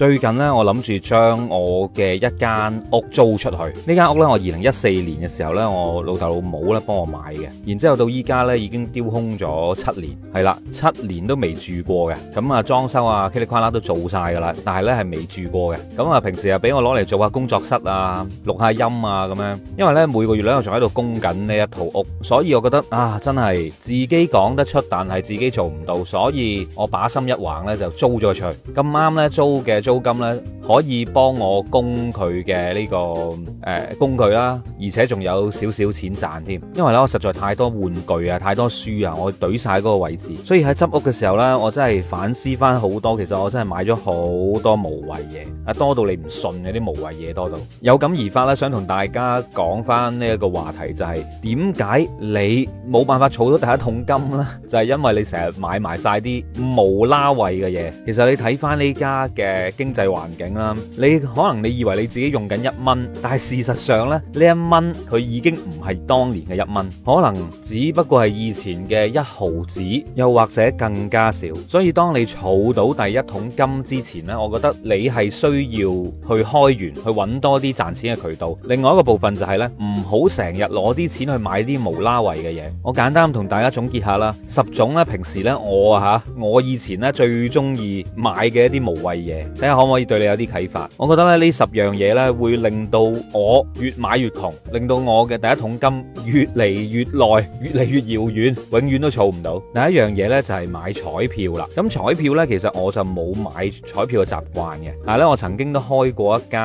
最近咧，我諗住將我嘅一間屋租出去。呢間屋咧，我二零一四年嘅時候咧，我老豆老母咧幫我買嘅。然之後到依家咧，已經丟空咗七年，係啦，七年都未住過嘅。咁啊，裝修啊，噼里啪啦都做晒噶啦，但係咧係未住過嘅。咁啊，平時啊俾我攞嚟做下工作室啊，錄下音啊咁樣。因為咧每個月咧我仲喺度供緊呢一套屋，所以我覺得啊，真係自己講得出，但係自己做唔到，所以我把心一橫咧就租咗出去。咁啱咧租嘅。租金咧可以幫我供佢嘅呢個。誒工具啦，而且仲有少少錢賺添。因為咧，我實在太多玩具啊，太多書啊，我懟晒嗰個位置。所以喺執屋嘅時候咧，我真係反思翻好多。其實我真係買咗好多無謂嘢，啊多到你唔信嗰啲無謂嘢多到。有感而發咧，想同大家講翻呢一個話題，就是，就係點解你冇辦法儲到第一桶金咧？ 就係因為你成日買埋晒啲無啦喂嘅嘢。其實你睇翻呢家嘅經濟環境啦，你可能你以為你自己用緊一蚊，但係。事實上咧，呢一蚊佢已經唔係當年嘅一蚊，可能只不過係以前嘅一毫子，又或者更加少。所以當你儲到第一桶金之前呢，我覺得你係需要去開源，去揾多啲賺錢嘅渠道。另外一個部分就係呢，唔好成日攞啲錢去買啲無啦位嘅嘢。我簡單同大家總結下啦，十種咧，平時呢，我啊我以前呢，最中意買嘅一啲無謂嘢，睇下可唔可以對你有啲啟發。我覺得咧呢十樣嘢呢，會令到，我越買越窮，令到我嘅第一桶金越嚟越耐，越嚟越遙遠，永遠都儲唔到。第一樣嘢呢，就係買彩票啦。咁彩票呢，其實我就冇買彩票嘅習慣嘅。但係咧，我曾經都開過一間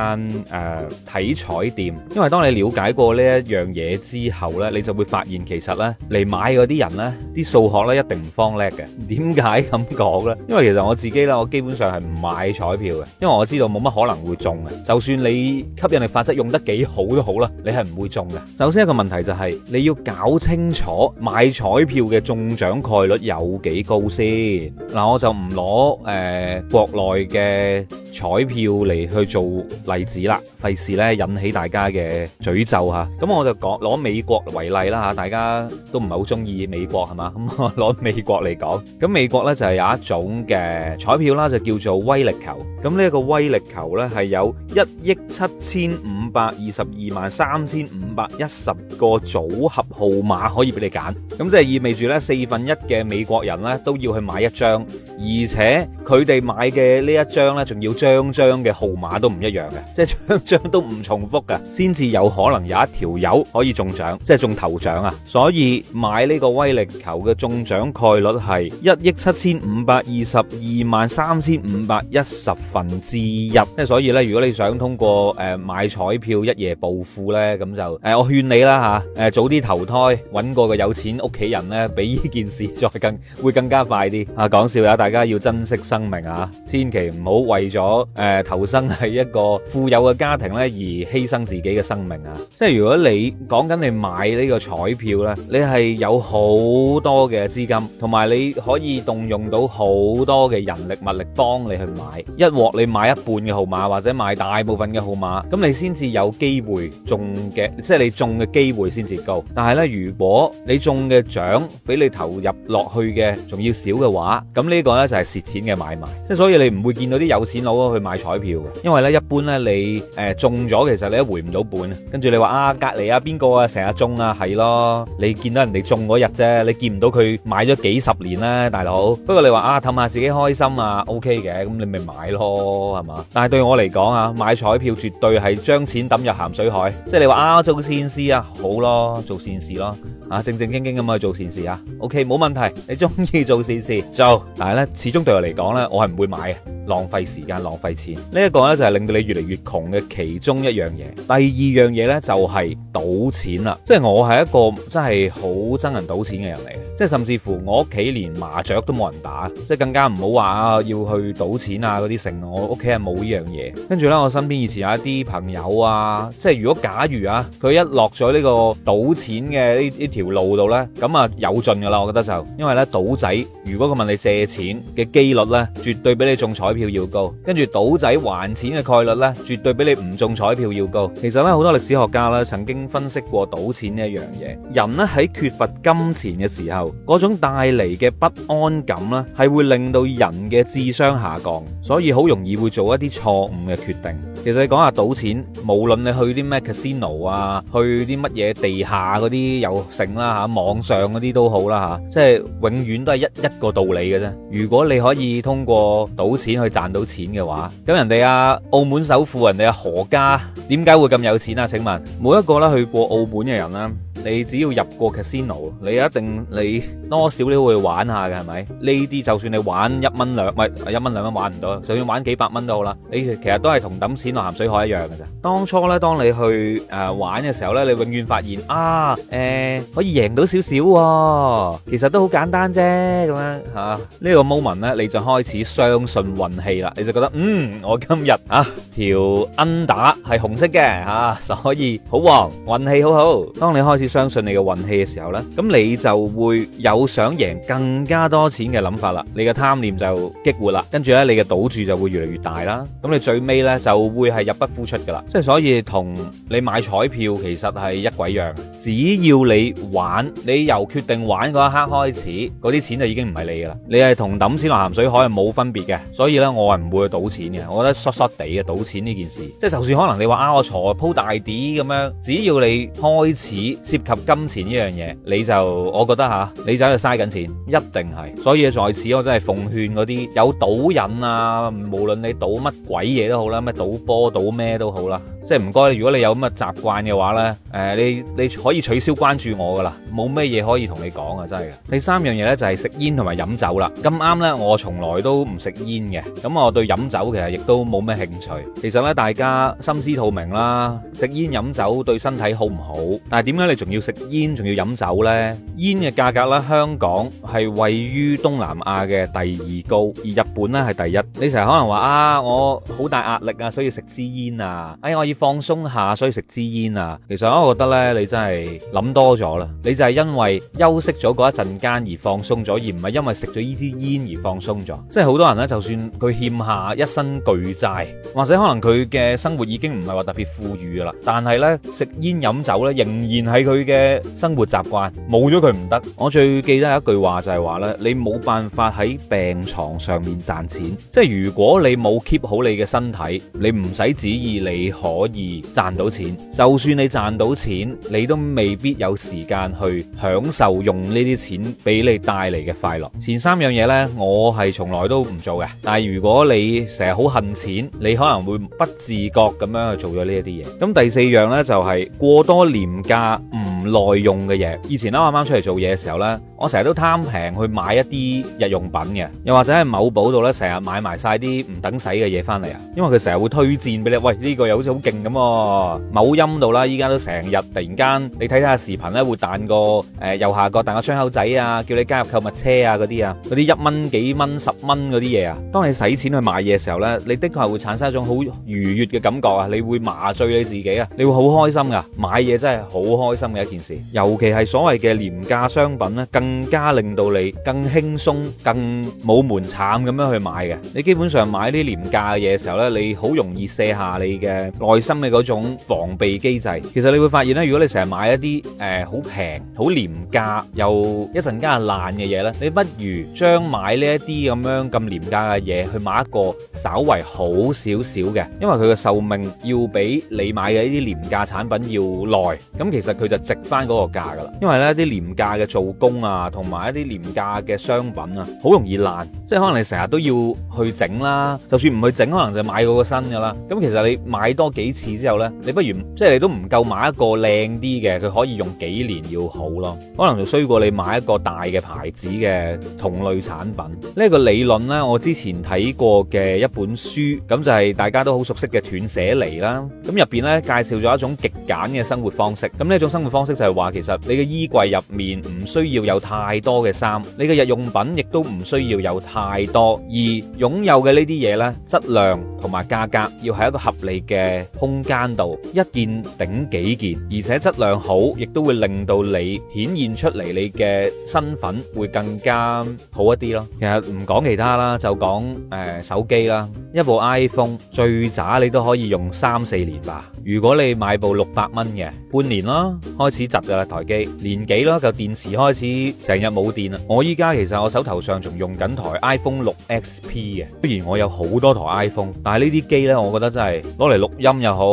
誒體彩店。因為當你了解過呢一樣嘢之後呢，你就會發現其實呢嚟買嗰啲人呢啲數學呢一定唔方叻嘅。點解咁講呢？因為其實我自己呢，我基本上係唔買彩票嘅，因為我知道冇乜可能會中嘅。就算你吸引力法則用得，幾好都好啦，你係唔會中嘅。首先一個問題就係、是，你要搞清楚買彩票嘅中獎概率有幾高先。嗱、嗯，我就唔攞誒國內嘅彩票嚟去做例子啦，費事咧引起大家嘅詛咒吓。咁我就講攞美國為例啦吓，大家都唔係好中意美國係嘛？咁我攞美國嚟講，咁美國呢就係有一種嘅彩票啦，就叫做威力球。咁呢一個威力球呢，係有一億七千五百。二十二萬三千五百一十個組合號碼可以俾你揀，咁即係意味住呢四分一嘅美國人呢都要去買一張，而且佢哋買嘅呢一張呢，仲要張張嘅號碼都唔一樣嘅，即係張張都唔重複㗎，先至有可能有一條友可以中獎，即係中頭獎啊！所以買呢個威力球嘅中獎概率係一億七千五百二十二萬三千五百一十分之一，即係所以呢，如果你想通過誒、呃、買彩票，一夜暴富呢，咁就誒、呃，我勸你啦吓，誒、啊、早啲投胎，揾過個有錢屋企人呢，比呢件事再更會更加快啲。吓、啊、講笑啦，大家要珍惜生命啊，千祈唔好為咗誒、呃、投生喺一個富有嘅家庭呢而犧牲自己嘅生命啊。即係如果你講緊你買呢個彩票呢，你係有好多嘅資金，同埋你可以動用到好多嘅人力物力幫你去買。一鑊你買一半嘅號碼，或者買大部分嘅號碼，咁你先至有。機會中嘅，即係你中嘅機會先至高。但係咧，如果你中嘅獎比你投入落去嘅仲要少嘅話，咁呢個咧就係蝕錢嘅買賣。即係所以你唔會見到啲有錢佬去買彩票嘅，因為咧一般咧你誒中咗，其實你都回唔到本。跟住你話啊，隔離啊邊個啊成日中啊，係咯，你見到人哋中嗰日啫，你見唔到佢買咗幾十年啦，大佬。不過你話啊，氹下自己開心啊，OK 嘅，咁你咪買咯，係嘛？但係對我嚟講啊，買彩票絕對係將錢抌入咸水海，即係你話啊做善事啊，好咯，做善事咯，啊正正經經咁去做善事啊，OK，冇問題，你中意做善事就，但係呢，始終對我嚟講呢，我係唔會買嘅，浪費時間，浪費錢，呢一個呢，就係令到你越嚟越窮嘅其中一樣嘢。第二樣嘢呢，就係賭錢啦，即係我係一個真係好憎人賭錢嘅人嚟，即係甚至乎我屋企連麻雀都冇人打，即係更加唔好話要去賭錢啊嗰啲剩，我屋企係冇呢樣嘢。跟住呢，我身邊以前有一啲朋友啊。即係如果假如啊，佢一落咗呢個賭錢嘅呢呢條路度呢，咁啊有盡噶啦，我覺得就因為呢賭仔如果佢問你借錢嘅機率呢，絕對比你中彩票要高。跟住賭仔還錢嘅概率呢，絕對比你唔中彩票要高。其實呢，好多歷史學家呢曾經分析過賭錢呢一樣嘢。人呢喺缺乏金錢嘅時候，嗰種帶嚟嘅不安感呢，係會令到人嘅智商下降，所以好容易會做一啲錯誤嘅決定。其實你講下賭錢，無論你去啲咩 casino 啊，去啲乜嘢地下嗰啲遊戲啦吓，網上嗰啲都好啦吓，即係永遠都係一一個道理嘅啫。如果你可以通過賭錢去賺到錢嘅話，咁人哋啊澳門首富人哋啊何家點解會咁有錢啊？請問，每一個咧去過澳門嘅人啦，你只要入過 casino，你一定你多少都會玩下嘅係咪？呢啲就算你玩一蚊兩唔係一蚊兩蚊玩唔到，就算玩幾百蚊都好啦，你其實都係同抌錢落鹹水海一樣嘅啫。當初。咧，當你去誒玩嘅時候咧，你永遠發現啊，誒可以贏到少少，其實都好簡單啫，咁樣吓呢個 moment 咧，你就開始相信運氣啦，你就覺得嗯，我今日啊條 under 係紅色嘅吓，所以好旺，運氣好好。當你開始相信你嘅運氣嘅時候咧，咁你就會有想贏更加多錢嘅諗法啦，你嘅貪念就激活啦，跟住咧你嘅賭注就會越嚟越大啦，咁你最尾咧就會係入不敷出噶啦，即係所以。你同你買彩票其實係一鬼樣，只要你玩，你由決定玩嗰一刻開始，嗰啲錢就已經唔係你噶啦。你係同抌錢落鹹水海係冇分別嘅。所以咧，我係唔會去賭錢嘅。我覺得衰衰地嘅賭錢呢件事，即係就算可能你話啊，我坐鋪大啲咁樣，只要你開始涉及金錢呢樣嘢，你就我覺得吓、啊，你就喺度嘥緊錢，一定係。所以在此，我真係奉勸嗰啲有賭癮啊，無論你賭乜鬼嘢都好啦，咩賭波賭咩都好啦。即係唔該，如果你有咁嘅習慣嘅話呢？誒、呃，你你可以取消關注我㗎啦，冇咩嘢可以同你講啊，真係第三樣嘢呢，就係食煙同埋飲酒啦。咁啱呢，我從來都唔食煙嘅，咁我對飲酒其實亦都冇咩興趣。其實呢，大家心知肚明啦，食煙飲酒對身體好唔好？但係點解你仲要食煙仲要飲酒呢？煙嘅價格咧，香港係位於東南亞嘅第二高，而日本呢，係第一。你成日可能話啊，我好大壓力啊，所以食支煙啊，哎，我要放鬆下，所以食支煙啊。其實我覺得呢，你真係諗多咗啦。你就係因為休息咗嗰一陣間而放鬆咗，而唔係因為食咗呢支煙而放鬆咗。即係好多人呢，就算佢欠下一身巨債，或者可能佢嘅生活已經唔係話特別富裕㗎啦，但係呢，食煙飲酒呢，仍然係佢嘅生活習慣，冇咗佢唔得。我最記得有一句話就係話呢：「你冇辦法喺病床上面賺錢。」即係如果你冇 keep 好你嘅身體，你唔使指意你可以賺到錢，就算你賺到，錢你都未必有時間去享受，用呢啲錢俾你帶嚟嘅快樂。前三樣嘢呢，我係從來都唔做嘅。但係如果你成日好恨錢，你可能會不自覺咁樣去做咗呢一啲嘢。咁第四樣呢，就係、是、過多廉價唔耐用嘅嘢。以前咧，我啱啱出嚟做嘢嘅時候呢，我成日都貪平去買一啲日用品嘅，又或者喺某寶度呢，成日買埋晒啲唔等使嘅嘢翻嚟啊。因為佢成日會推薦俾你，喂呢、呢個又好似好勁咁。某音度啦，依家都成。日突然間，你睇睇下視頻咧，會彈個誒、呃、右下角彈個窗口仔啊，叫你加入購物車啊嗰啲啊，嗰啲一蚊幾蚊十蚊嗰啲嘢啊。當你使錢去買嘢嘅時候呢，你的確係會產生一種好愉悦嘅感覺啊，你會麻醉你自己啊，你會好開心噶，買嘢真係好開心嘅一件事。尤其係所謂嘅廉價商品咧，更加令到你更輕鬆、更冇門檻咁樣去買嘅。你基本上買啲廉價嘅嘢嘅時候呢，你好容易卸下你嘅內心嘅嗰種防備機制。其實你。會發現咧，如果你成日買一啲誒好平、好、呃、廉價又一陣間爛嘅嘢咧，你不如將買呢一啲咁樣咁廉價嘅嘢去買一個稍為好少少嘅，因為佢嘅壽命要比你買嘅呢啲廉價產品要耐。咁其實佢就值翻嗰個價噶啦。因為呢啲廉價嘅做工啊，同埋一啲廉價嘅商品啊，好容易爛，即係可能你成日都要去整啦。就算唔去整，可能就買過個新噶啦。咁其實你買多幾次之後呢，你不如即係你都唔夠買個靚啲嘅，佢可以用幾年要好咯，可能就衰過你買一個大嘅牌子嘅同類產品。呢、呢個理論呢，我之前睇過嘅一本書，咁就係大家都好熟悉嘅斷捨離啦。咁入邊呢，介紹咗一種極簡嘅生活方式。咁呢一種生活方式就係話，其實你嘅衣櫃入面唔需要有太多嘅衫，你嘅日用品亦都唔需要有太多，而擁有嘅呢啲嘢呢，質量同埋價格要喺一個合理嘅空間度，一件頂幾件。而且質量好，亦都會令到你顯現出嚟，你嘅身份會更加好一啲咯。其實唔講其他啦，就講誒手機啦，一部 iPhone 最渣你都可以用三四年吧。如果你買部六百蚊嘅，半年啦開始窒噶啦台機，年幾咯嚿電池開始成日冇電啦。我依家其實我手頭上仲用緊台 iPhone 六 XP 嘅，雖然我有好多台 iPhone，但係呢啲機呢，我覺得真係攞嚟錄音又好，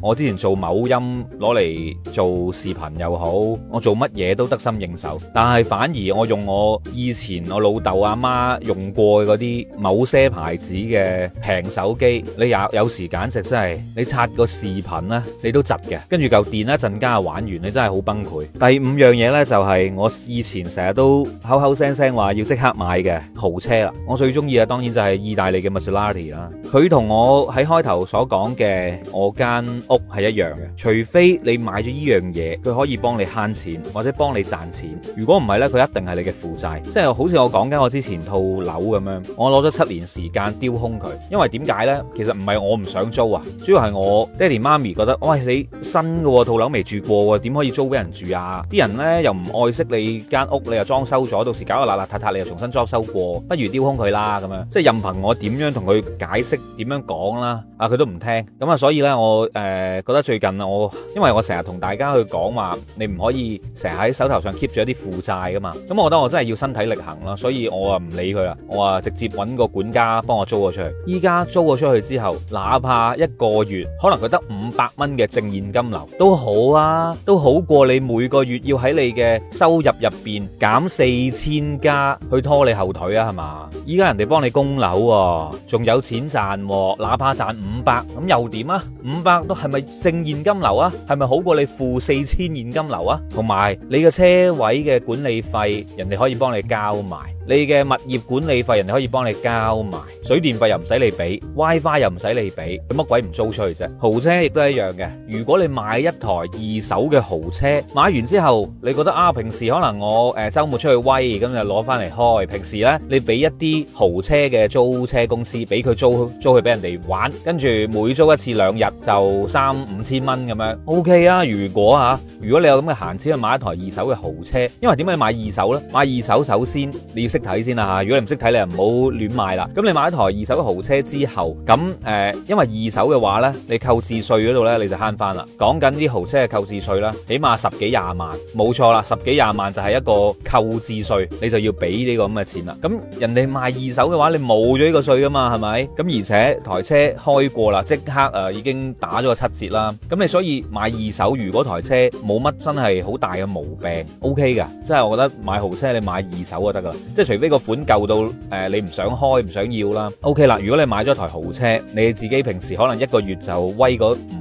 我之前做某音攞。嚟做視頻又好，我做乜嘢都得心應手。但係反而我用我以前我老豆阿媽用過嗰啲某些牌子嘅平手機，你也有，有時簡直真係，你刷個視頻咧你都窒嘅。跟住嚿電一陣間玩完你真係好崩潰。第五樣嘢呢，就係我以前成日都口口聲聲話要即刻買嘅豪車啦。我最中意嘅當然就係意大利嘅 Maserati 啦。佢同我喺開頭所講嘅我間屋係一樣嘅，除非。你買咗依樣嘢，佢可以幫你慳錢或者幫你賺錢。如果唔係呢，佢一定係你嘅負債。即係好似我講緊我之前套樓咁樣，我攞咗七年時間丟空佢。因為點解呢？其實唔係我唔想租啊，主要係我爹哋媽咪覺得，喂，你新嘅套樓未住過喎，點可以租俾人住啊？啲人呢又唔愛惜你間屋，你又裝修咗，到時搞到邋邋遢遢，你又重新裝修過，不如丟空佢啦咁樣。即係任憑我點樣同佢解釋，點樣講啦，啊佢都唔聽。咁啊，所以呢，我誒覺得最近啊，我因為我成日同大家去講話，你唔可以成日喺手頭上 keep 住一啲負債噶嘛。咁我覺得我真係要身體力行啦，所以我啊唔理佢啦，我啊直接揾個管家幫我租咗出去。依家租咗出去之後，哪怕一個月可能佢得五百蚊嘅正現金流都好啊，都好過你每個月要喺你嘅收入入邊減四千加去拖你後腿啊，係嘛？依家人哋幫你供樓啊，仲有錢賺啊，哪怕賺五百咁又點啊？五百都係咪正現金流啊？係咪？好過你付四千現金流啊，同埋你嘅車位嘅管理費，人哋可以幫你交埋。你嘅物業管理費，人哋可以幫你交埋，水電費又唔使你俾，WiFi 又唔使你俾，咁乜鬼唔租出去啫？豪車亦都係一樣嘅。如果你買一台二手嘅豪車，買完之後你覺得啊，平時可能我誒週末出去威，咁就攞翻嚟開。平時呢，你俾一啲豪車嘅租車公司，俾佢租租去俾人哋玩，跟住每租一次兩日就三五千蚊咁樣。OK 啊，如果吓，如果你有咁嘅閒錢去買一台二手嘅豪車，因為點解買二手呢？買二手首先你。識睇先啦吓，如果你唔識睇，你就唔好亂買啦。咁你買一台二手嘅豪車之後，咁誒、呃，因為二手嘅話呢，你購置稅嗰度呢，你就慳翻啦。講緊啲豪車嘅購置稅啦，起碼十幾廿萬，冇錯啦，十幾廿萬就係一個購置稅，你就要俾呢個咁嘅錢啦。咁人哋賣二手嘅話，你冇咗呢個稅噶嘛，係咪？咁而且台車開過啦，即刻誒、啊、已經打咗七折啦。咁你所以買二手，如果台車冇乜真係好大嘅毛病，OK 噶，即係我覺得買豪車你買二手就得噶，即除非個款舊到誒、呃，你唔想開，唔想要啦。OK 啦，如果你買咗台豪車，你自己平時可能一個月就威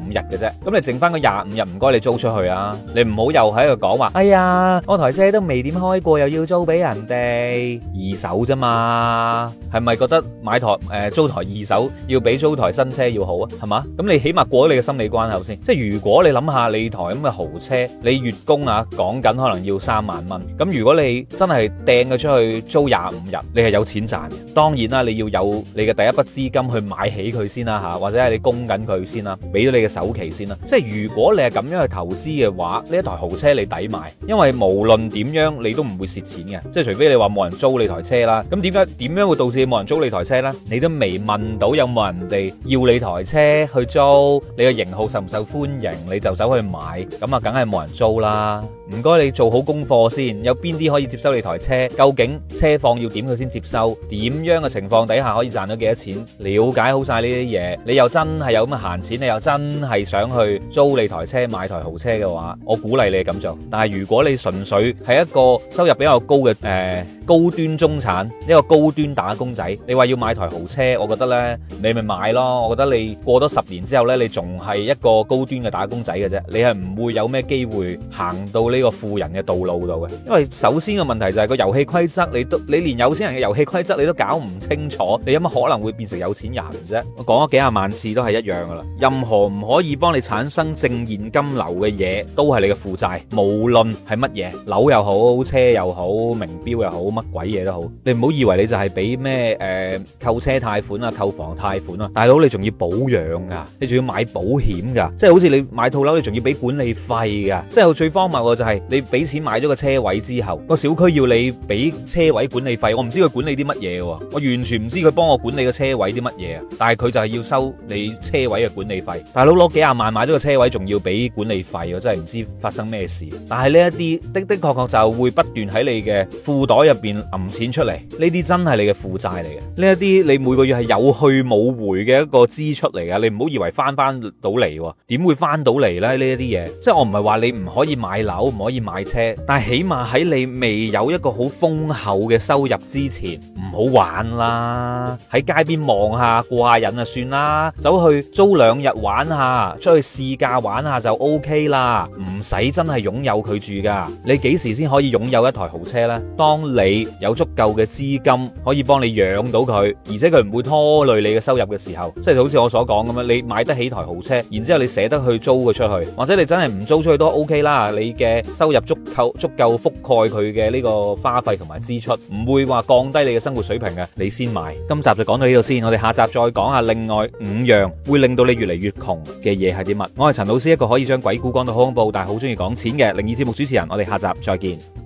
五日嘅啫，咁你剩翻個廿五日唔該你租出去啊！你唔好又喺度講話，哎呀，我台車都未點開過，又要租俾人哋二手啫嘛，係咪覺得買台誒租台二手要比租台新車要好啊？係嘛？咁你起碼過咗你嘅心理關口先。即係如果你諗下你台咁嘅豪車，你月供啊講緊可能要三萬蚊。咁如果你真係掟佢出去租廿五日，你係有錢賺嘅。當然啦，你要有你嘅第一筆資金去買起佢先啦吓，或者係你供緊佢先啦，俾咗你嘅。首期先啦，即係如果你係咁樣去投資嘅話，呢一台豪車你抵買，因為無論點樣你都唔會蝕錢嘅，即係除非你話冇人租你台車啦。咁點解點樣會導致冇人租你台車呢？你都未問到有冇人哋要你台車去租，你個型號受唔受歡迎，你就走去買，咁啊梗係冇人租啦。唔該，你做好功課先，有邊啲可以接收你台車？究竟車況要點佢先接收？點樣嘅情況底下可以賺到幾多錢？了解好晒呢啲嘢，你又真係有咁嘅閒錢，你又真。係想去租你台車，買台豪車嘅話，我鼓勵你咁做。但係如果你純粹係一個收入比較高嘅誒高端中產，一個高端打工仔，你話要買台豪車，我覺得咧你咪買咯。我覺得你過多十年之後咧，你仲係一個高端嘅打工仔嘅啫，你係唔會有咩機會行到呢個富人嘅道路度嘅。因為首先嘅問題就係個遊戲規則，你都你連有錢人嘅遊戲規則你都搞唔清楚，你有乜可能會變成有錢人啫？我講咗幾廿萬次都係一樣噶啦，任何唔可。可以幫你產生正現金流嘅嘢，都係你嘅負債，無論係乜嘢，樓又好，車又好，名錶又好，乜鬼嘢都好。你唔好以為你就係俾咩誒購車貸款啊，購房貸款啊，大佬你仲要保養噶，你仲要買保險噶，即係好似你買套樓，就是，你仲要俾管理費噶。即係最荒謬嘅就係你俾錢買咗個車位之後，個小區要你俾車位管理費，我唔知佢管理啲乜嘢喎，我完全唔知佢幫我管理個車位啲乜嘢啊，但係佢就係要收你車位嘅管理費，大佬。幾廿萬買咗個車位，仲要俾管理費，我真係唔知發生咩事。但係呢一啲的的確確就會不斷喺你嘅褲袋入邊揞錢出嚟，呢啲真係你嘅負債嚟嘅。呢一啲你每個月係有去冇回嘅一個支出嚟嘅。你唔好以為翻翻到嚟，點會翻到嚟呢？呢一啲嘢，即係我唔係話你唔可以買樓，唔可以買車，但係起碼喺你未有一個好豐厚嘅收入之前，唔好玩啦。喺街邊望下過下癮就算啦，走去租兩日玩下。啊！出去試駕玩下就 OK 啦，唔使真係擁有佢住噶。你幾時先可以擁有一台豪車呢？當你有足夠嘅資金可以幫你養到佢，而且佢唔會拖累你嘅收入嘅時候，即係好似我所講咁樣，你買得起台豪車，然之後你捨得去租佢出去，或者你真係唔租出去都 OK 啦。你嘅收入足夠足夠覆蓋佢嘅呢個花費同埋支出，唔會話降低你嘅生活水平嘅，你先買。今集就講到呢度先，我哋下集再講下另外五樣會令到你越嚟越窮嘅嘢係啲乜？我係陳老師，一個可以將鬼故講到好恐怖，但係好中意講錢嘅靈異節目主持人。我哋下集再見。